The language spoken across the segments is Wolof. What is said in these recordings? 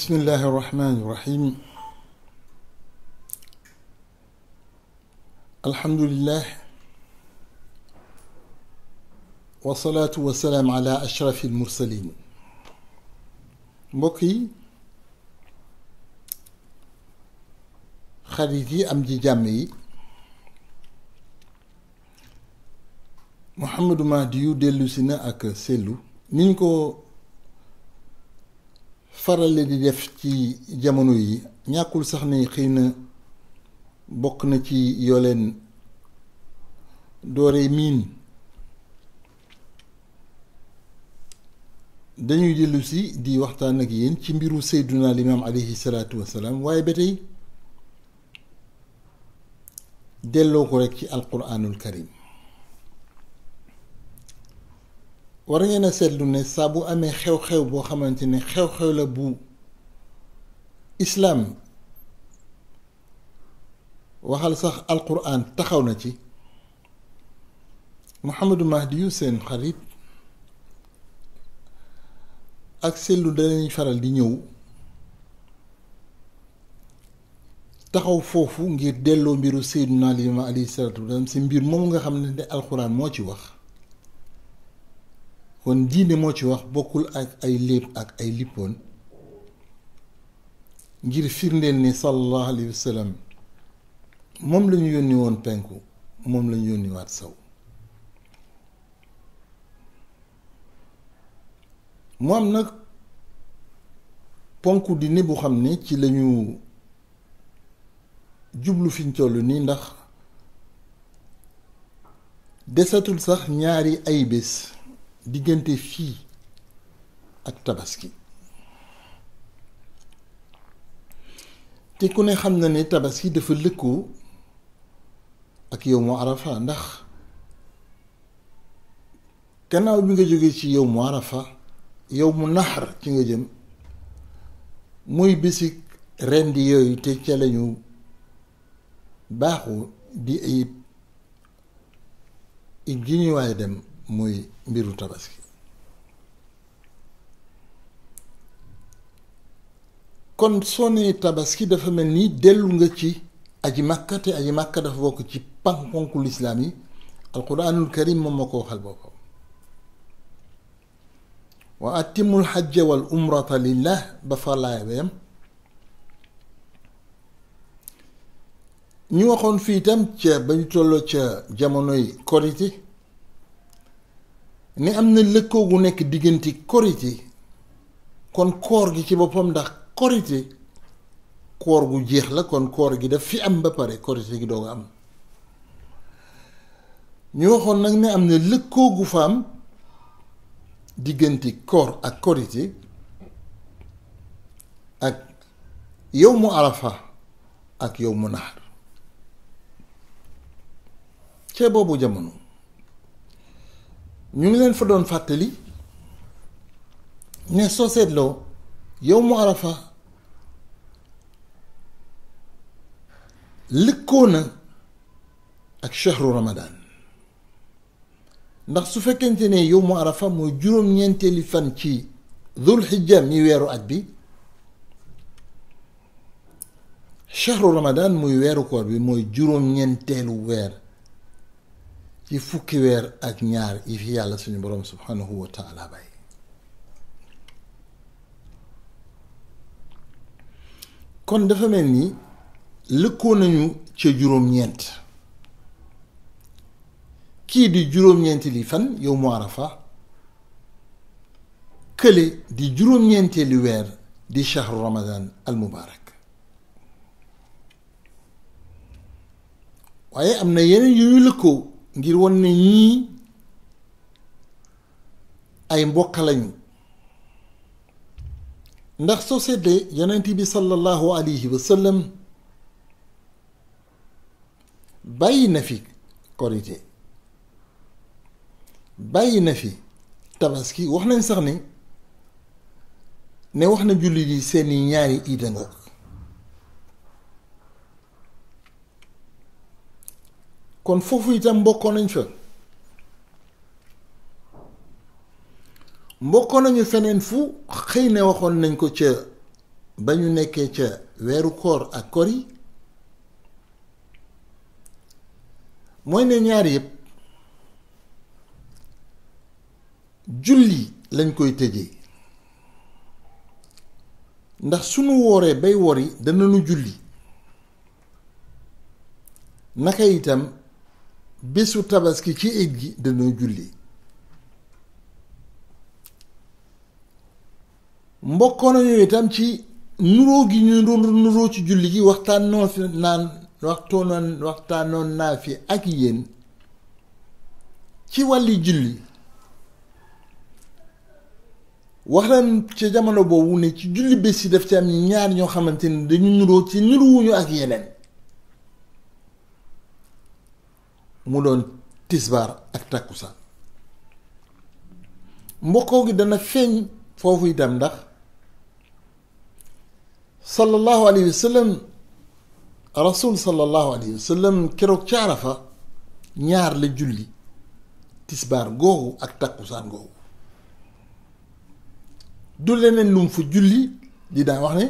بسم الله الرحمن الرحيم الحمد لله والصلاة والسلام على أشرف المرسلين مكي خريجي أم جامي محمد ما ديو ديلو سينا أك سيلو نينكو faral di def ci jamono yi ñàkkul sax ne xëy na bokk na ci yoo leen doore miin dañuy dellu si di waxtaan ak yéen ci mbiru Seyduna Limaam alayhi salaatu wasalaam waaye ba tey delloo ko rekk ci alquranul karim war ngeen a seetlu ne saa bu amee xew-xew boo xamante ne xew-xew la bu islaam waxal sax alquran taxaw na ci Mouhamadou Mahdi yu seen xarit ak seetlu danañ faral di ñëw taxaw foofu ngir delloo mbiru Seydina Limaamu alayhi salaatu wa salaam si mbir moom nga xam ne alquran moo ci wax kon diine moo ci wax bokkul ak ay léeb ak ay lippoon ngir firndeel ni sallallahu alayhi moom lañu ñu penku moom la ñu yónni waat saw mu am nag ponku diine bu xam ne ci lañu jublu fiñ toll nii ndax desatul sax ñaari ay bés diggante fii ak tabaski te ku ne xam na ne tabaski dafa lëkkoo ak yow mu arafa ndax gannaaw bi nga jógee ci yow mu arafa yow mu naxar ci nga jëm muy bisig rendi yooyu te ca lañu baaxu di it ib ji ñuy waaye dem muy mbiru tabaski kon soo nee tabaski dafa mel ni dellu nga ci aji màkka te aji màkka dafa bokk ci pankonku lislaam yi alquranul karim moom moo ko waxal boppam wa atimul xajja umrata lillah ba fa laay ba ñu waxoon fii itam ca ba ñu tolloo ca jamonoy korite ne am na lëkkoo gu nekk diggante korite kon koor gi ci boppam ndax korite koor gu jeex la kon koor gi daf fi am ba pare korite gi doo am ñu waxoon nag ne am na lëkkoo gu fa am diggante koor ak korite ak yow mu arafa ak yow mu naar ca boobu jamono ñu ngi leen fa doon fàttali ne soo seetloo yow mu arafa lëkkoo na ak chahru ramadan ndax su fekkente ne yow mu arafa mooy juróom-ñeenteeli fan ci dhul xijja mi weeru at bi chahru ramadan muy weeru koor bi mooy juróom-ñeenteelu weer ci fukki weer ak ñaar yi fi yàlla suñu boroom subhanahu wa bàyyi kon dafa mel ni lëkkoo nañu ca juróom-ñeent kii di juróom-ñeenti li fan yow mu arafa kële di juróom-ñeenteeli weer di shahru ramadan al waaye am na yeneen yu ñu lëkkoo ngir won ne ñi ay mbokk lañu ndax soo seetlee yonent bi sallallahu alayhi wa sallam bàyyi na fi korite bàyyi na fi tabaski wax nañ sax ne ne wax na julli yi seen ñaari iida nga kon foofu itam mbokkoo nañ fa mbokkoo nañu feneen fu xëy ne waxoon nañ ko ca ba ñu nekkee ca weeru koor ak kor yi mooy ne ñaar yépp julli lañ koy tëjee ndax sunu wooree bay wori dana nu julli naka itam bésu tabaski ci it gi dañoo julli mbokkoo nañu itam ci nuróo gi ñu nuróo ci julli gi waxtaanoo noon fi naan waxtoonoon waxtaanoon naa fi ak yéen ci wàlli julli wax nañ ci jamono boobu ne ci julli bés yi def ci am ñaar ñoo xamante ni dañu nuróo ci nuruwuñu ak yeneen mu doon tisbaar ak takkusaan mbokkoo gi dana feeñ foofu itam ndax sallallahu alayhi wa sallam rasul sallallahu alayhi wa keroog ca Arafa ñaar la julli tisbaar googu ak takkusaan googu du leneen lu mu julli di daan wax ne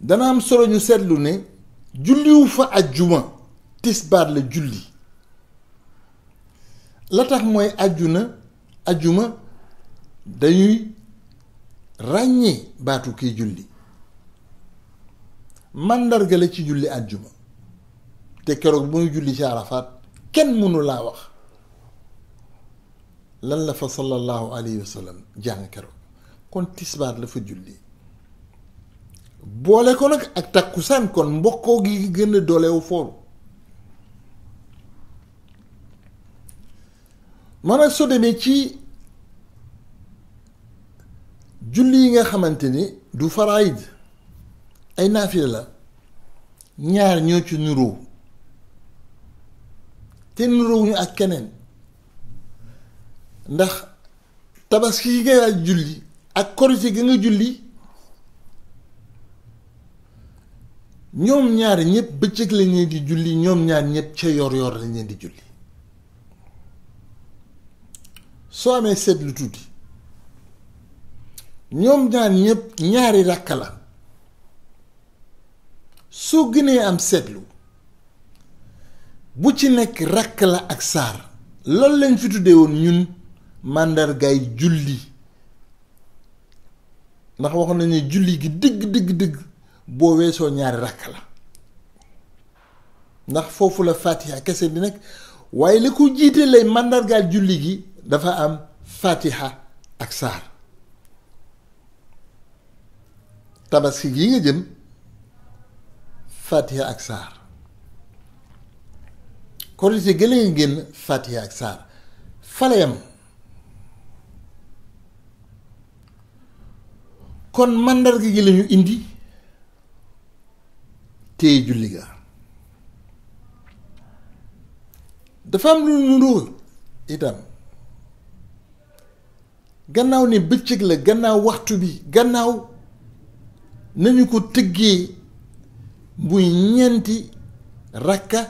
dana am solo ñu seetlu ne julliwu fa ajjuma tisbaar la julli la tax mooy ajjuna ajjuma dañuy ràññee baatu kiy julli màndarga la ci julli ajjuma te keroog bu muy julli ci Arafat kenn mënu laa wax lan la fa sallallahu alayhi wa sallam jàng keroog kon tisbaar la fa julli boole ko nag ak takku takkusaan kon mbokkoo gi gën doolewu foofu maanaam soo demee ci julli yi nga xamante ni du faraid ay naafila la ñaar ñoo ci nuroo te nuroowuñu ak keneen ndax tabaski yi nga julli ak korite gi nga julli ñoom ñaar ñëpp bëccëg lañ leen di julli ñoom ñaar ñëpp ca yoor yor lañ leen di julli soo amee seetlu tuuti ñoom ñaar ñëpp ñaari rakk la soo gënee am seetlu bu ci nekk rakk la ak saar loolu lañ fi tuddee woon ñun màndargaay julli ndax waxoon nañ ne julli gi dëgg dëgg dëgg boo weesoo ñaari rakk la ndax foofu la Fatiha kese di nekk waaye li ko jiite lay màndargaal julli gi dafa am fatiha ak sar tabaski yi nga jëm fatiha ak saar ci gële nga fatiha ak sar falem kon mandar gi lañu indi té julli ga dafa am lu itam gannaaw ne bëccëg la gannaaw waxtu bi gannaaw nañu ko tëggee muy ñeenti rakka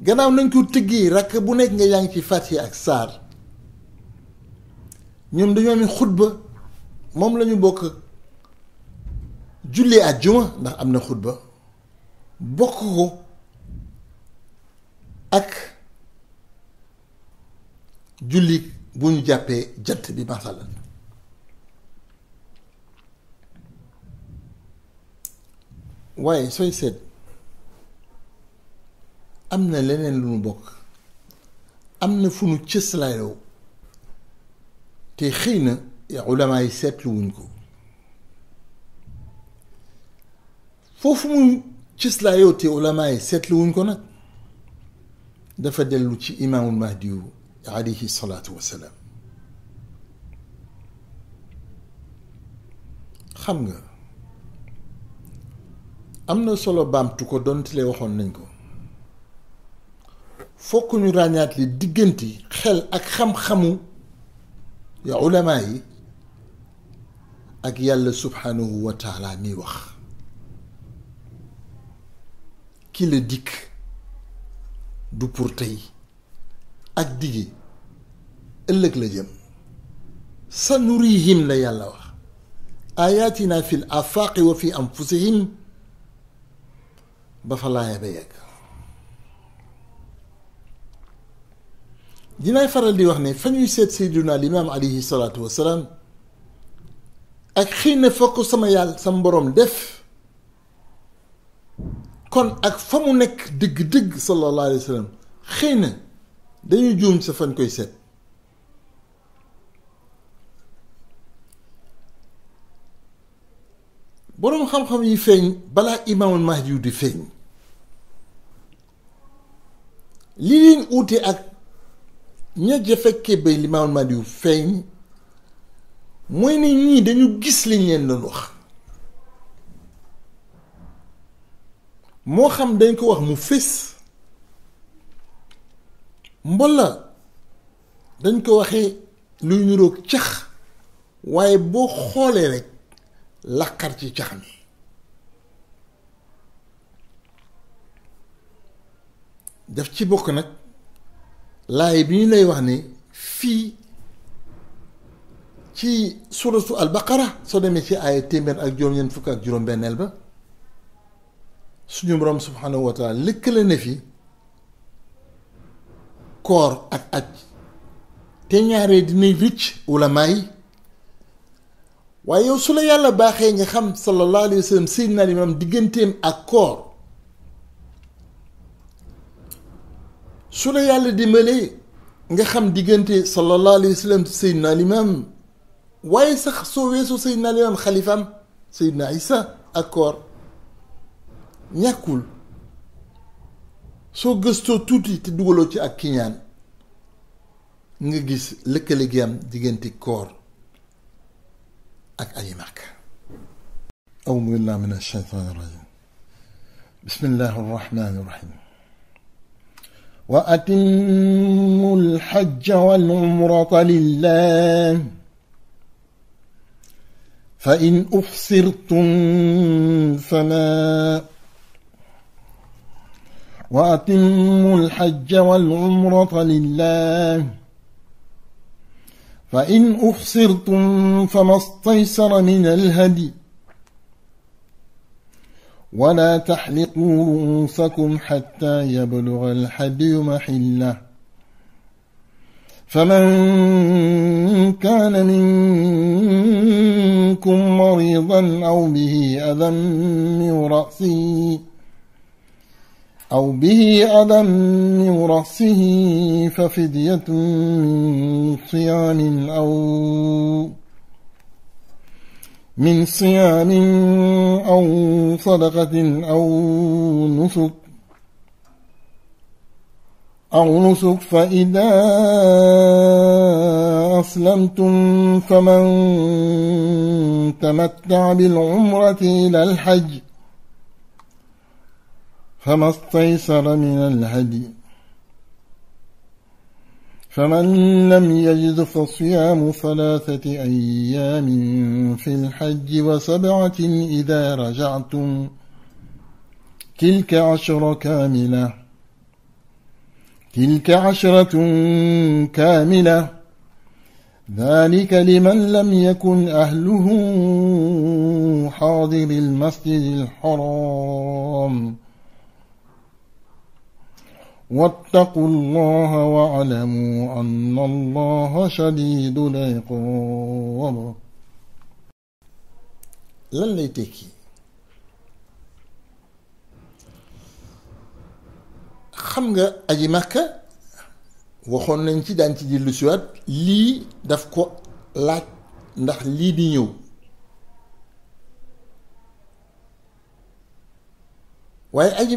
gannaaw nañ ko tëggee rakka bu nekk nga yaa ngi ci Fatiha ak saar ñoom dañoo am xutba moom lañu ñu bokk julli àjjuma ndax am na xutba bokk ko ak julli Boun diapè, jat di basalan. Wè, soy sed, amne lenen loun bok. Amne foun nou tis layo, te khen, ya e ulama yi set loun kon. Fou foun nou tis layo, te ulama yi set loun kon, da fè djel louti imamoun ma diyo. alayhi salaatu wasalaam xam nga am na solo baamtu ko donte lee waxoon nañ ko fokk ñu ràññaat diggante xel ak xam-xamu ya ulamaa yi ak yàlla subhaanahu wa taala miy wax ki la dikk du pour tey ak digi ëllëg la jëm sa nurihim la yàlla wax ayatina fi l afaqi wa fi anfusihim ba fa laaya ba yegg dinaay faral di wax ne fa ñuy seet sayduna limaam alayhi salaatu wasalaam ak xëy na fa ko sama yàlla sama boroom def kon ak fa mu nekk dëgg-dëgg sallallahu alayhi wa sallam xëy na dañuy juum sa fan koy set boroom xam-xam yi feeñ balaa imaamul mahdi yu di feeñ li leen uute ak ña ja bay li imaamul yu feeñ mooy ne ñii dañu gis liñ leen doon wax moo xam dañ ko wax mu fés la dañ ko waxee luy niroog cax waaye boo xoolee rek laqar ci cax mi daf ci bokk nag laay bi ñu lay wax ne fii ci suratu albaqara soo demee ci ay téeméer ak juróom-ñeent fukk ak juróom-benneel ba suñu borom subhanahu wa taala ne fi koor ak aj te ñaaree dinay rëcc wala may waaye yow su la yàlla baaxee nga xam sallallahu alayhi wa sallam seydina limaam digganteem ak koor su la yàlla dimbalee nga xam diggante sallallahu alayhi wa sallam seydina limaam waaye sax soo weesoo seydina limaam xalifaam seydina isa ak koor ñàkkul soo gëstoo tuuti te dugaloo ci ak kiñaan nga gis lëkkale gi am diggante koor ak aji màkk أعوذ بالله من الشيطان الرجيم بسم الله الرحمن الرحيم وأتموا الحج والعمرة لله فإن أحصرتم فما وأتموا الحج والعمرة لله فإن أحصرتم فما استيسر من الهدي ولا تحلقوا رؤوسكم حتى يبلغ الحدي محله فمن كان منكم مريضا أو به أذى من رأسه أو به أذى من رأسه ففدية من صيام أو من صيام أو صدقة أو نسك أو نسك فإذا أسلمتم فمن تمتع بالعمرة إلى الحج ۖ فما استيسر من الهدي فمن لم يجد فصيام ثلاثة أيام في الحج وسبعة إذا رجعتم تلك عشر كاملة تلك عشرة كاملة ذلك لمن لم يكن أهله حاضر المسجد الحرام واتقوا الله واعلموا أن الله شديد العقاب لن ليتكي خمجة أجي مكة وخون ننتي دانتي دي لسوات لي دفكو لا ndax lii di ñëw waaye aji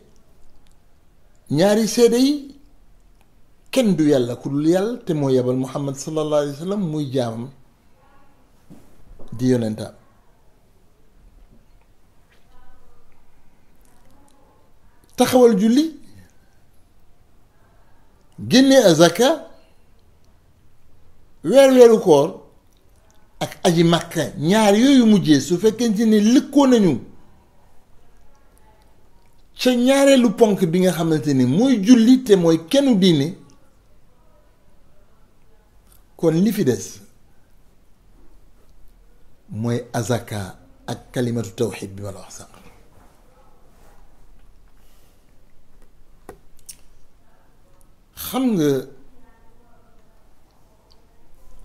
ñaari sédé yi kenn du yàlla ku dul yàlla te moo yebal muhammad sallallahu alayhi wa sallam muy jaamam di yonenta taxawal julli génne azaka weer weeru koor ak aji màkka ñaar yooyu mujjee su fekkente ne lëkkoo nañu ca ñaareelu ponk bi nga xamante ni mooy julli te mooy kennu diine kon li fi des mooy azaka ak kalimatu tawxid bi ma la wax sax xam nga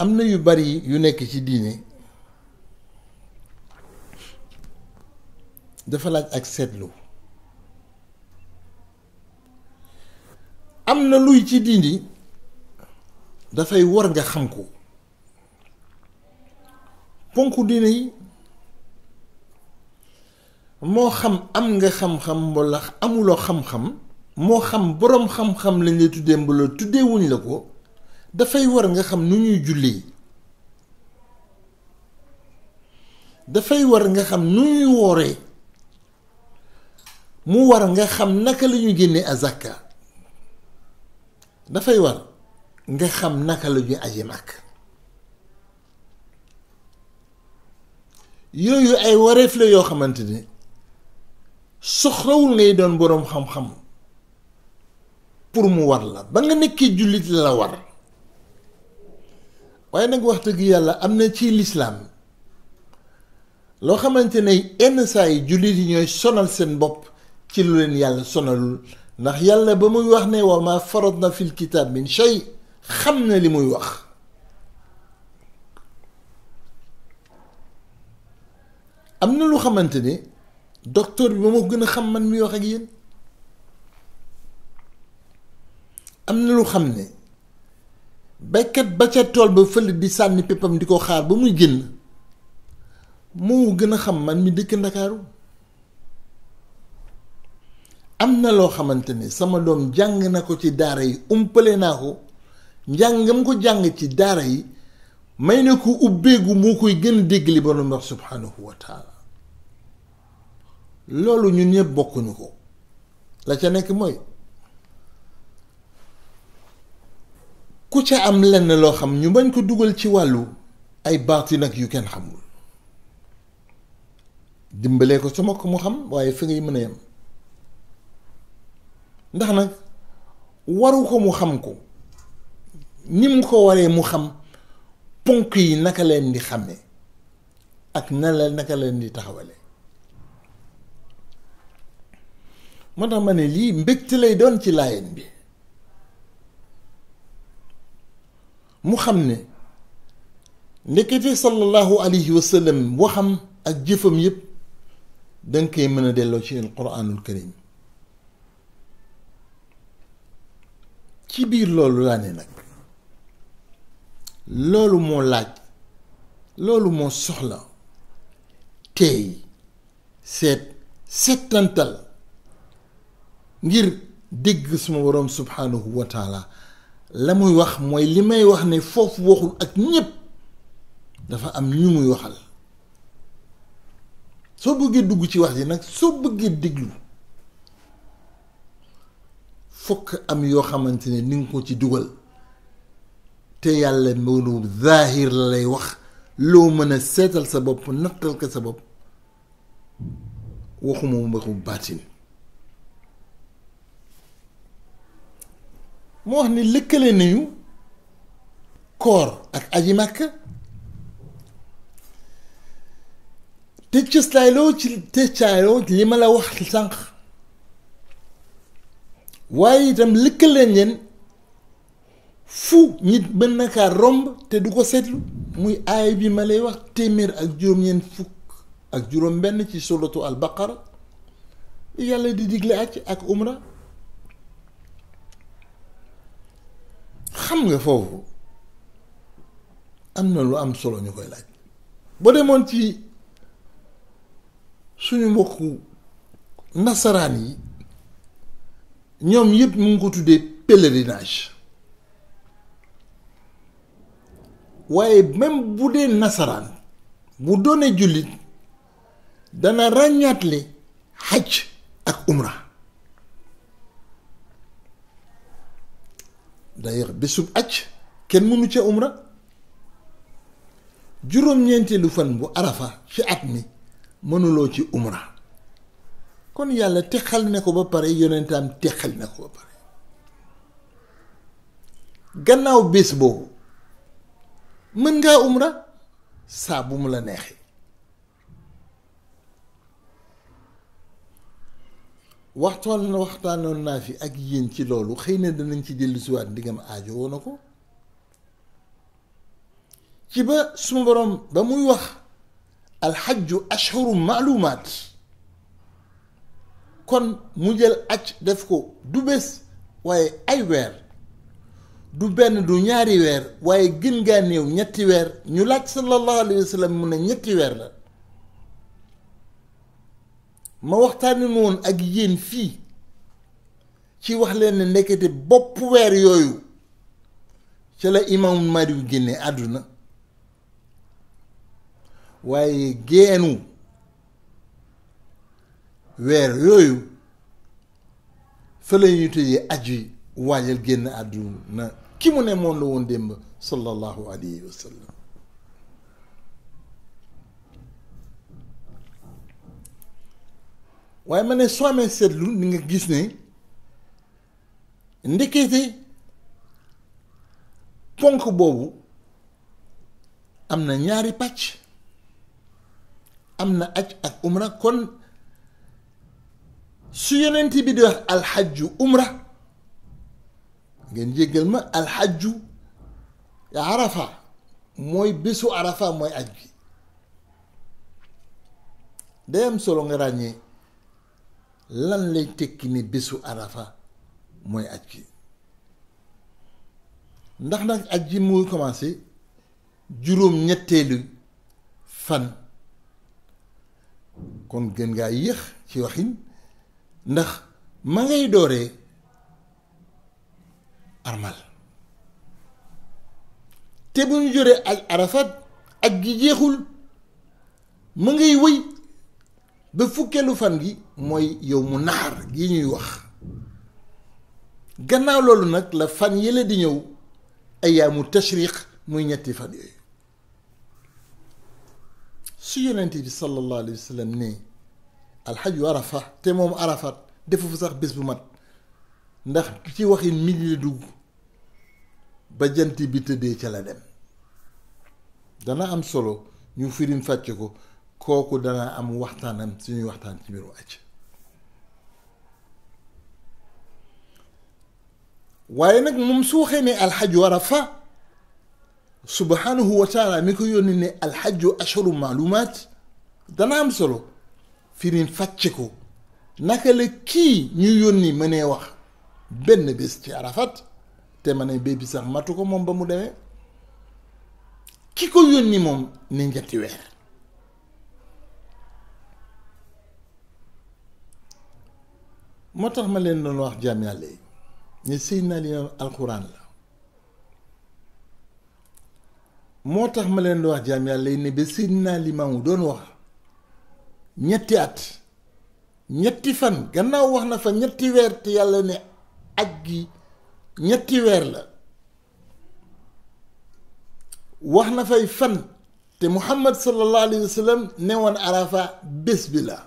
am na yu bari yu nekk ci diine dafa laaj ak seetlu am na luy ci dindi dafay war nga xam ko ponku dina yi moo xam am nga xam-xam walla amuloo xam-xam moo xam boroom xam-xam lañ lay tuddee mbala la ko dafay war nga xam nu ñuy julli dafay war nga xam nu ñuy wooree mu war nga xam naka la ñu génnee azaka dafay war nga xam naka la ñuy aji mag yooyu ay wareef la yoo xamante ni soxlawul ngay doon boroom xam-xam pour mu war la ba nga nekkee jullit la la war waaye nag wax dëgg yàlla am na ci lislaam loo xamante ne yenn saa yi jullit yi ñooy sonal seen bopp ci lu leen yàlla sonalul ndax yàlla ba muy wax ne wama ma farad na fil kitab min shay xam na li muy wax am na lu xamante ni docteur bi ba ma gën a xam man mi wax ak yéen am na lu xam ne baykat ba ca tool ba fële di sànni pépam di ko xaar ba muy génn moo gën a xam man mi dëkk ndakaaru am na loo xamante ni sama doom jàng na ko ci daara yi umpale naa ko njàngam ko jàng ci daara yi may na ko ubbeegu moo koy gën a dégg li borom wax subhaanahu wa taala loolu ñu ñëpp bokkuñu ko la ca nekk mooy ku ca am lenn loo xam ñu bañ ko dugal ci wàllu ay baati nag yu kenn xamul dimbalee ko sama ko mu xam waaye fi ngay mën a yem ndax nag waru ko mu xam ko ni mu ko waree mu xam ponk yi naka leen di xàmme ak na la naka leen di taxawale moo tax ma ne lii mbégte lay doon ci laayeen bi mu xam ne ndekkete sallallahu alayhi wa sallam waxam ak jëfam yépp danga koy mën a delloo ci alquranul karim ci biir loolu laa ne nag loolu moo laaj loolu moo soxla tey seet settantal ngir dégg suma boroom subhaanahu wa taala la muy wax mooy li may wax ne foofu waxul ak ñépp dafa am ñu muy waxal soo bëggee dugg ci wax ji nag soo bëggee déglu فك أم يوخمنتني نينكو تي دوغل تي يالا مونو ظاهر لاي وخ لو من سيتال سبب نقل كسبب وخو مو مخو باتين مو هني لكلي نيو كور اك اجي ماك تي تشلايلو تي تشايلو لي مالا وخ سانخ waaye itam lëkkaleen leen fu nit mën romb te du ko seetlu muy aay bi ma lay wax téeméer ak juróom-ñeent fukk ak juróom-benn ci suratu al baqara yàlla di digle acc ak umra xam nga foofu am na lu am solo ñu koy laaj boo demoon ci suñu mbokku nasaraan yi ñoom yëpp mu ngi ko tuddee pèlerinage waaye même bu dee nasaraan bu doonee jullit dana ràññaatle xaj ak umra d'ailleurs bésub aj kenn mënu ca umra juróom-ñeenteelu fan bu arafa ci at mi mënuloo ci umra kon yàlla texal na ko ba pare yonentam texal na ko ba pare gannaaw bés boobu mën ngaa umra saa bu mu la neexee waxtaan waxtaanoon naa fi ak yéen ci loolu xëy na danañ ci dellusiwaat ndigam aajo woon na ko ci ba suma borom ba muy wax alxajju ashhuru maalumaat kon mu jël acc def ko du bés waaye ay weer du benn du ñaari weer waaye gën gaa ñetti weer ñu laaj sallallahu alayhi wa sallam mu ñetti weer la ma waxtaanee woon ak yéen fii ci wax leen ne ndekete bopp weer yooyu ca la imaamu Maalik génne àdduna waaye geenu weer yooyu fa la ñuy tëjee aji waajal génn àdduna ki mu ne moom la woon démb sallallahu alayhi wa waaye ma ne soo amee seetlu ni nga gis ne ndekete ponk boobu am na ñaari pàcc am na aj ak umra kon su yonent bi di wax alxajju umra ngeen jéggal ma alxajju arafa mooy bésu arafa mooy aj gi day am solo nga ràññee lan lay tekki ni bésu arafa mooy aj gi ndax nag aj gi mu commencé juróom ñetteelu fan kon gën ngaa yéex ci waxin ndax ma ngay dooree armal te bu ñu joree ak arafat ak gi jeexul ma ngay wëy ba fukkeelu fan gi mooy yow mu naar gi ñuy wax gannaaw loolu nag la fan yële di ñëw ayaamu tashriq muy ñetti fan yooyu su yonent bi sallallahu alayhi ne alxaju arafa te moom arafat defu fa sax bés bu mat ndax ci waxin mi ngi dugg ba jant bi tëddee ca la dem dana am solo ñu firim fàcce ko kooku dana am waxtaanam suñuy waxtaan ci mbiru aj waaye nag moom su waxee ne alxaju arafa subhanahu wa taala mi ko yónni ne alxaju ashuru maalumaat dana am solo firin fàcce naka la kii ñu yónni mënee wax benn bés ci arafat te ma ne bés bi sax matu ko moom ba mu demee ki ko yónni moom ni ñetti weer moo tax ma leen doon wax jaam yàlla yi ne Seydina Limaamu alxuraan la moo tax ma leen doon wax jaam yàlla yi ne ba Seydina Limaamu doon wax ñetti at ñetti fan gannaaw wax na fa ñetti weer te yàlla ne aj gi ñetti weer la wax na fay fan te muhammad sallallahu alayhi wa sallam ne woon arafa bés bi la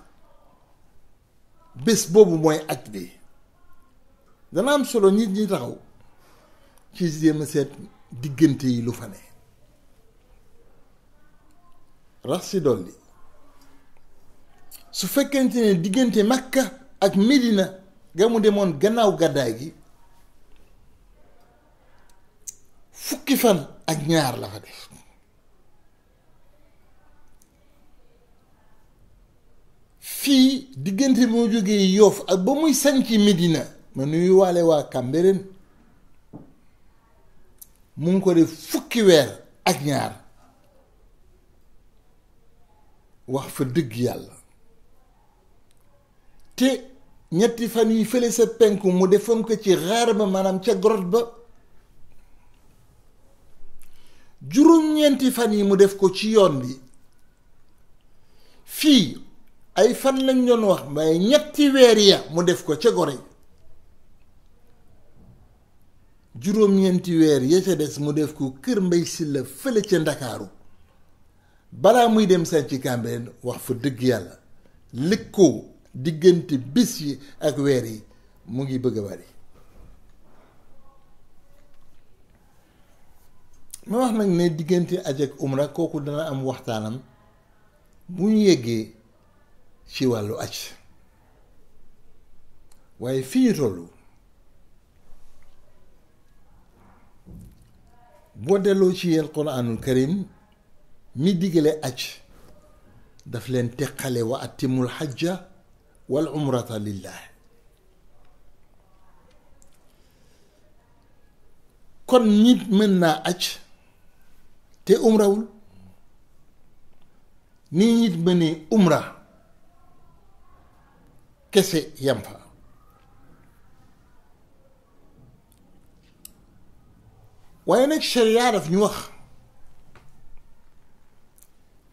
bés boobu mooy aj bi dana am solo nit ñi taxaw ci jéem a seet diggante yi lu fa ne rax si dolli su fekkente ne diggante makk ak Medina nga mu demoon gannaaw gàddaay gi fukki fan ak ñaar la fa def fii diggante bi mu jógee Yoof ak ba muy sanci Medina ma nuyu waale waa Kàmbereen mu ngi ko def fukki weer ak ñaar wax fa dëgg yàlla ci ñetti fan yi fële sa penku mu defoon ko ci xaar ba maanaam ca gorot ba juróom-ñeenti fan yi mu def ko ci yoon bi fii ay fan lañ doon wax may ñetti weer ya mu def ko ca gore juróom-ñeenti weer ya ca des mu def ko kër mbay si la fële ca ndakaaru balaa muy dem sañ ci wax fa dëgg yàlla lëkkoo diggante bis yi ak weer yi mu ngi bëgg a bari ma wax nag ne diggante aj ak umra kooku dana am waxtaanam bu ñu yeggee ci wàllu aj waaye fi ñu tollu boo delloo ci yel quraanul karim mi diggale aj daf leen teqale wa atimul xajja والعمرة لله كون نيت منا اتش تي عمرهول ني نيت مني عمره كسي يامفا وينك شريعة في نيوخ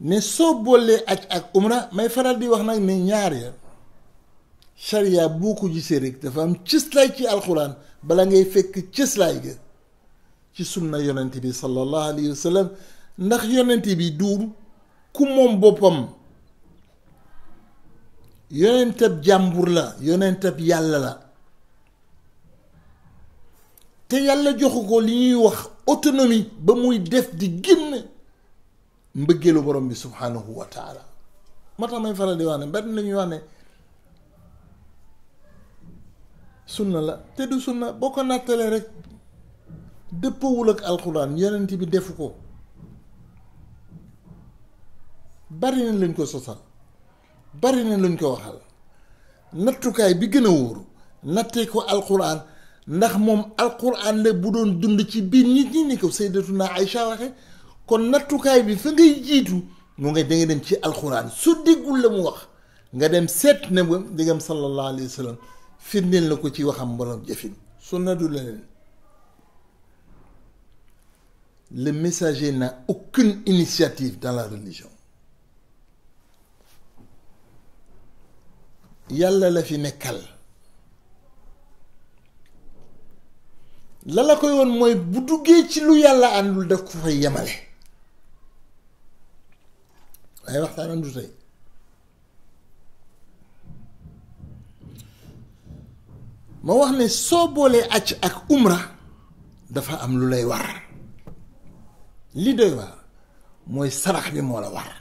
ne soo bolle ak ak umra may faral di wax nag ne ñaar ya charia boo ko gisee rek dafa am cëslaay ci alxuraan balaa ngay fekk cëslaay gi ci sunna yonent bi sallallahu alayhi wa ndax yonent bi duur ku moom boppam yonentab jàmbur la yonentab yàlla la te yàlla joxu ko li ñuy wax autonomie ba muy def di génn mbëggeelu borom bi subhanahu wa taala moo tax may faral di wax ne benn la ñuy wax ne sunna la te du sunna boo ko nattalee rek dëppawul ak alxuraan yonent bi defu ko bari nañ lañ ko sosal bari nañ lañ ko waxal nattukaay bi gën a wóoru nattee ko alxuraan ndax moom alxuraan la bu doon dund ci biir nit ñi ni ko naa ay waxe kon nattukaay bi fa ngay jiitu mu nga da dem ci alxuraan su déggul la mu wax nga dem seet ne ba diggam sallallahu alayhi wa firndeel na ko ci waxam borom jëfin sunna le messager n'a aucune initiative dans la religion yàlla la fi nekkal la la koy woon mooy bu duggee ci lu yàlla àndul daf ko fay yemale waaye waxtaan tey ma wax ne soo boolee acc ak umra dafa am lu lay war li doy waar mooy sarax bi moo la war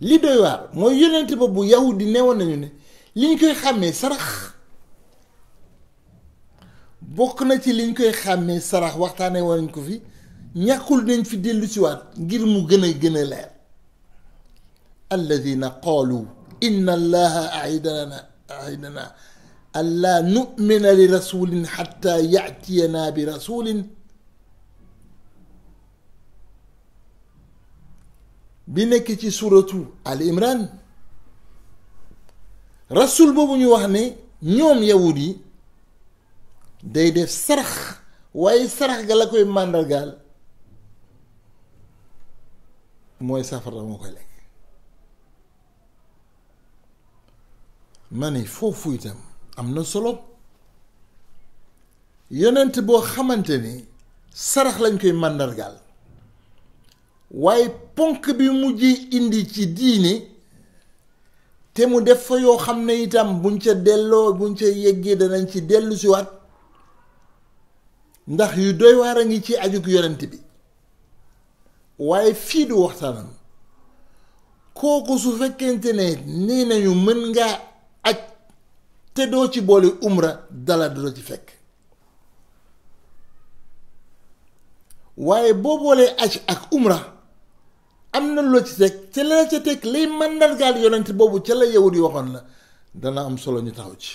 li doy waar mooy yonent ba bu yahudi newoon nañu ne li ñu koy xàmmee sarax bokk na ci liñ koy xàmmee sarax waxtaanee war nañ ko fi ñàkkul nañ fi dellusiwaat ngir mu gën a gën a leer alladina qaalu inna allaha أننا ألا نؤمن لرسول حتى يأتينا برسول بنكتي سورة آل إمران رسول بابو نيوهني نيوم يهودي داي ديف سرخ واي سرخ قالكو يماندر قال موي سافر موكو لك ma ni foofu itam am na solo yonent boo xamante ni sarax lañ koy màndargaal waaye ponk bi mujj indi ci diini te mu def fa yoo xam ne itam buñ ca delloo buñ ca yeggee danañ ci dellusiwaat ndax yu doy waar a ngi ci ajug yonent bi waaye fii du waxtaanam kooku su fekkente ne nee nañu mën nga aj te doo ci boole umra dala doo ci fekk waaye boo boolee aj ak umra am na loo ci teg te la ca teg lay màndargaal yonent boobu ca la yawut yi waxoon la dana am solo ñu taxaw ci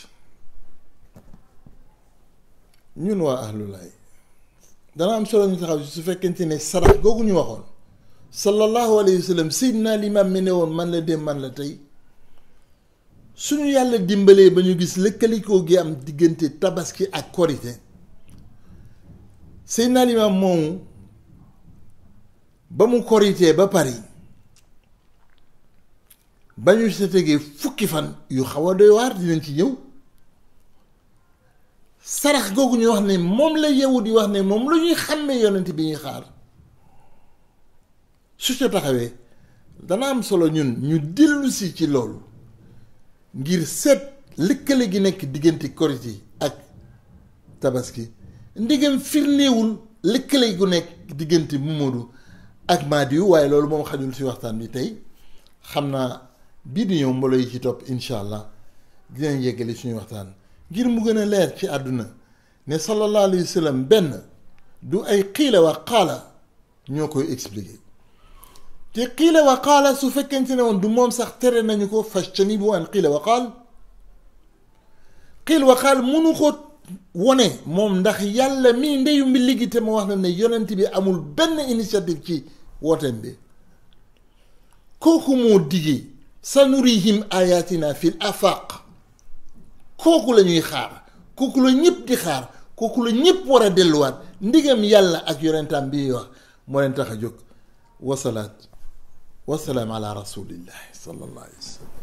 ñun waa ahlulaay dana am solo ñu taxaw ci su fekkente ne sarax googu ñu waxoon sallallahu alayhi wa sallam seydina limaam mi ne woon man la dem man la tey suñu yàlla dimbalee ba ñu gis lëkkalikoo gi am diggante tabaski ak korite C'est Limaam moomu ba mu koritee ba pare ba ñu sa tegee fukki fan yu xaw a doy dinañ ci ñëw sarax googu ñu wax ne moom la yewu di wax ne moom lu ñuy xàmmee yonent bi ñuy xaar su ca taxawee dana am solo ñun ñu ci loolu ngir set lëkkale gi nekk diggante korite ak tabaski ndigam firndeewul lëkkale gu nekk diggante Momadou ak Madiou waaye loolu moom xajul ci waxtaan bi tey xam naa bii di ñëw mbooloo yi ci topp incha allah dinañ yeggale suñu waxtaan ngir mu gën a leer ci àdduna ne sallallahu alayhi wa sallam benn du ay xiila wa xaala ñoo koy expliqué. تي قيل وقال سو فكنتنا وندموم سا خترا نانيكو فاشتنيبو ان قيل وقال قيل وقال منو خوت وني موم ندخ يالا مين دي يوم اللي جيت مو واحنا ني يونان تبي امول بن انيشاتيب كي واتن بي كوكو مو ديجي سنوريهم آياتنا في الأفاق كوكو لنوي خار كوكو لنيب دي خار كوكو لنيب ورا دلوان ندقم يالا اك يونان تنبي وصلات وصلات والسلام على رسول الله صلى الله عليه وسلم